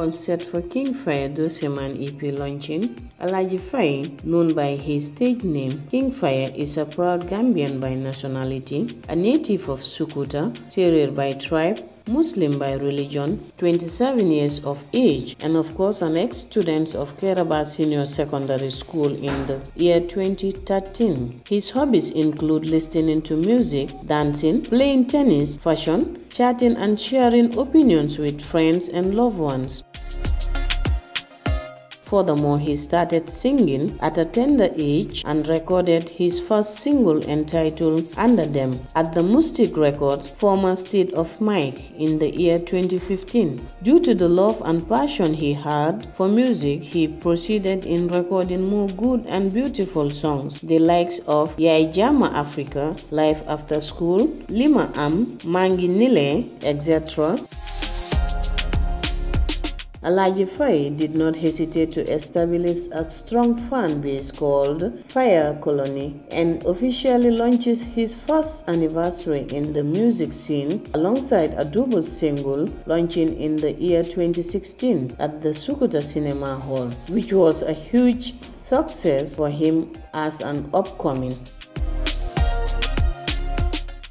All set for King Faye Doseman EP launching. Alaji Faye, known by his stage name, King Fire, is a proud Gambian by nationality, a native of Sukuta, Serer by tribe, Muslim by religion, 27 years of age, and of course an ex-student of Keraba Senior Secondary School in the year 2013. His hobbies include listening to music, dancing, playing tennis, fashion, chatting and sharing opinions with friends and loved ones. Furthermore, he started singing at a tender age and recorded his first single entitled Under Them at the Mustic Records, former state of Mike, in the year 2015. Due to the love and passion he had for music, he proceeded in recording more good and beautiful songs, the likes of Yaijama Africa, Life After School, Lima Am, Mangi Nile, etc. Alaji did not hesitate to establish a strong fan base called Fire Colony and officially launches his first anniversary in the music scene alongside a double single launching in the year 2016 at the Sukuta Cinema Hall, which was a huge success for him as an upcoming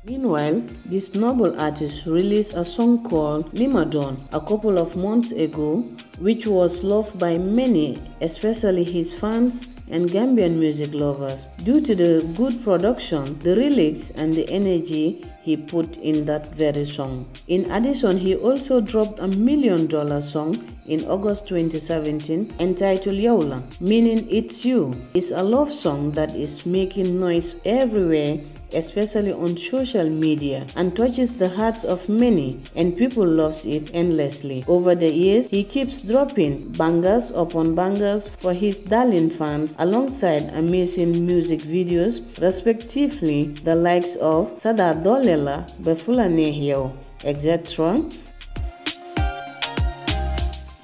Meanwhile, this noble artist released a song called Limadon a couple of months ago, which was loved by many, especially his fans and Gambian music lovers, due to the good production, the lyrics, and the energy he put in that very song. In addition, he also dropped a million dollar song in August 2017 entitled Yaula, meaning It's You. It's a love song that is making noise everywhere especially on social media, and touches the hearts of many, and people loves it endlessly. Over the years, he keeps dropping bangers upon bangers for his darling fans alongside amazing music videos, respectively the likes of Sada Dolela, Befula Nehio, etc.,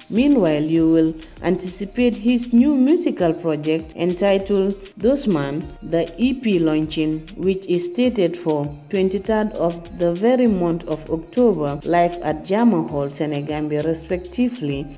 Meanwhile, you will anticipate his new musical project entitled Dosman, the EP launching, which is stated for 23rd of the very month of October, live at Jama Hall, Senegambia, respectively.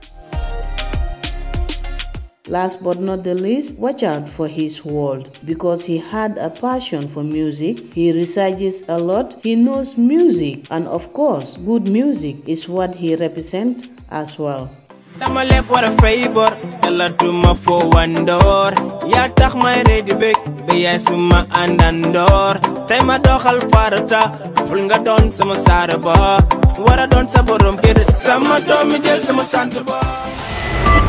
Last but not the least, watch out for his world because he had a passion for music. He researches a lot. He knows music, and of course, good music is what he represents as well. dama lépp war a fay bor dalatuma foo wandoor yaa tax may rey di bég ba yaay suma tey ma doxal farata bul nga doon sama saara ba war doon sa borom kër sama doomi jël sama sant ba